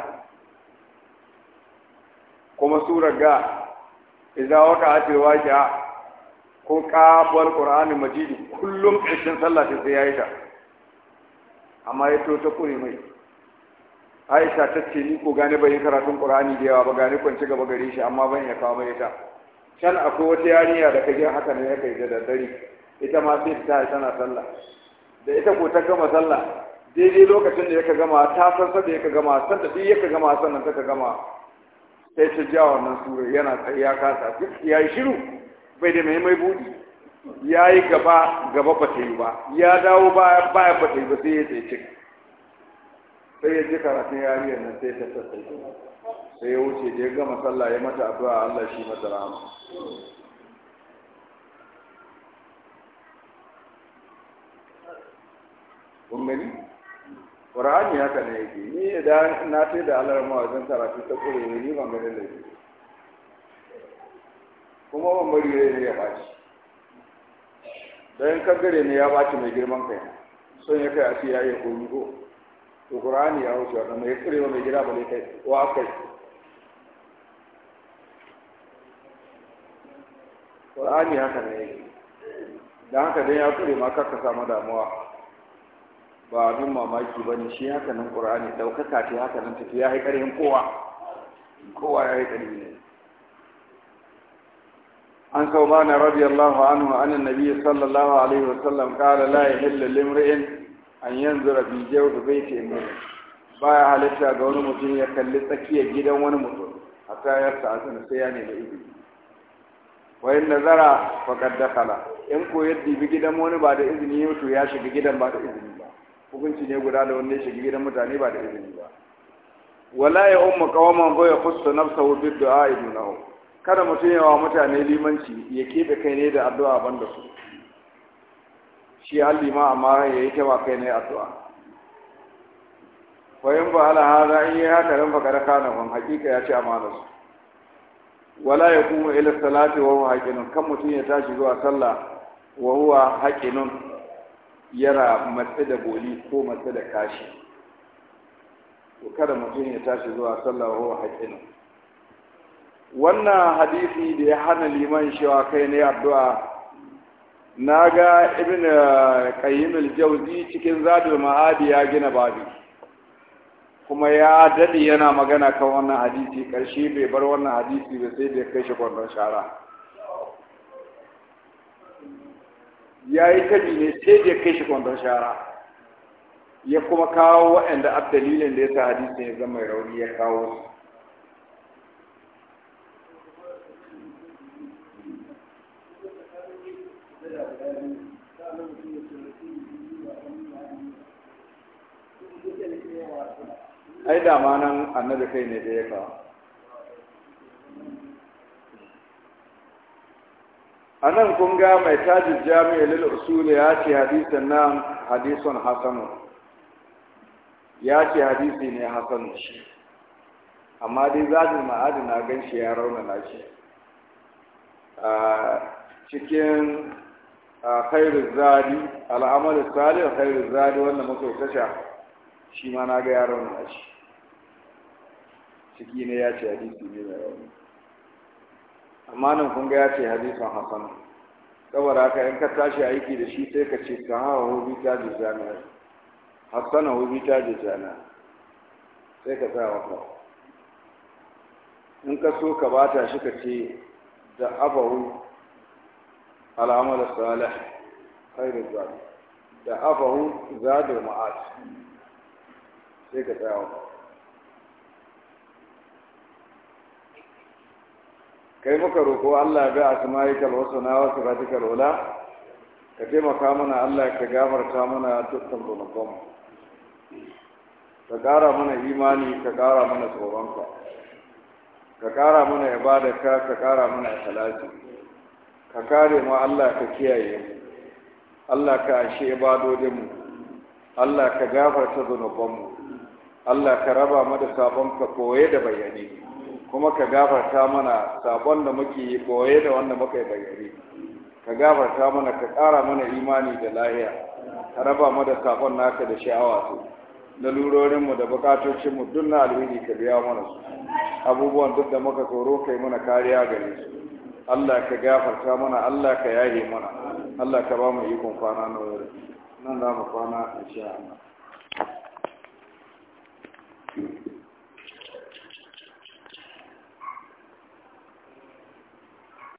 kuma surar ga idza ake alwaqi'a ko kafuwar qur'ani majidi kullum ƙarshen sallah sai ya yi ta amma ya to ta kure mai Aisha ta ce ni ko gane bayan karatun Qur'ani da yawa ba gane kwanci gaba gare shi amma ban ya kawo mai ta can akwai wata yarinya da kaje haka ne ya kai da dare ita ma sai ta tana sallah da ita ko ta gama sallah daidai lokacin da ya ka gama ta san sa da ka gama san da ya ka gama sannan ta ka gama sai ta ja wannan sura yana tsaye ya kasa ya yi shiru bai da mai mai buɗi ya yi gaba gaba ba ta yi ba ya dawo baya ya ba ta yi ba sai ya tsaye cik sai ya ji karatun yariyar nan sai ta sassai sai ya wuce da ya gama sallah ya mata addu'a Allah shi mata rahama kun ƙur'ani haka ne yake ni idan na ce da ma wajen karatu ta ƙure ne ni ban gani laifi kuma ban bari ne ya ɓaci don ka gare ne ya ɓaci mai girman kai son ya kai a ce ya yi komi ko to ƙur'ani ya wuce wannan mai kure mai gida ba ne kai wa kai ƙur'ani haka ne yake dan haka don ya kure ma kakka samu damuwa ba abin mamaki ba ne shi haka nan ƙur'ani ɗaukaka ce haka nan tafi ya yi ƙarfin kowa kowa ya yi ƙarfi ne an sau ba na rabi Allah anhu an nabi sallallahu alaihi wa sallam kala la ya hilla limri'in an yanzu rabi jau da bai ce mu baya halitta ga wani mutum ya kalli tsakiyar gidan wani mutum a tayar sa asana sai ya nemi izini wa in nazara faqad dakhala in ko yaddi bi gidan wani ba da izini ya mutu ya shiga gidan ba da izini hukunci ne guda da wanda ya shiga gidan mutane ba da izini ba wala ya umma qawaman ba ya khussa nafsahu bi du'a ibnahu kada mutum ya wa mutane limanci ya kebe kai ne da addu'a banda su shi alli ma amma ya yi ta kai ne addu'a wayan ba ala hada in yi haka ran fakar kana kun hakika ya ci amana su wala ya kuma ila salati wa huwa haqinun kan mutum ya tashi zuwa sallah wa huwa haqinun yara matsi da boli ko matsi da kashi to kada mutum ya tashi zuwa sallah ko haƙinu wannan hadisi da ya hana liman shewa kai ne addu'a na ga ibn qayyim al-jawzi cikin zadul ma'adi ya gina babi kuma ya dadi yana magana kan wannan hadisi karshe bai bar wannan hadisi ba sai da ya kai shi kwandon shara ya yi tabi ne sai da ya kai shi kwandon shara ya kuma kawo waɗanda a dalilin da ya sa hadisin ya zama rauni ya kawo su ai da ma nan annabi kai ne da ya kawo a nan kun ga mai tajin jami'a lil usul ya ce hadisin nan hadisun hasanu ya ce hadisi ne hasanu amma dai zajin ma'adi na gan shi ya raunana shi cikin khairu zadi al'amal salih khairu zadi wanda muka kasha shi ma na ga ya raunana shi ciki ne ya ce hadisi ne mai raunana amma nan kun ga ya ce hadisin hasan saboda haka in ka tashi aiki da shi sai ka ce ka hawa hobi ta da jami'a hasana hobi ta da jami'a sai ka sa wata in ka so ka bata shi ka ce da abawu al'amal salih khairu zalim da abawu zadu ma'at sai ka tsaya maka kai muka roƙo Allah bi asma'ikal husna wa sifatikal ula ka taimaka mana Allah ka gafarta mana dukkan zunuban ka ƙara mana imani ka ƙara mana tsoronka ka ƙara mana ibadarka ka ƙara mana salati ka kare mu Allah ka kiyaye mu Allah ka ashe mu. Allah ka gafarta zunubanmu Allah ka raba mu da sabon ka koye da bayani kuma ka gafarta mana sabon da muke yi boye da wanda muka yi ka gafarta mana ka ƙara mana imani da lahiya ka raba mu da sabon naka da sha'awa su lalurorinmu da bukatocinmu duk na alhini ka biya mana su abubuwan duk da muka tsoro kai mana kariya gare su Allah ka gafarta mana Allah ka yaye mana Allah ka ba mu ikon kwana na wuri nan za mu kwana insha Allah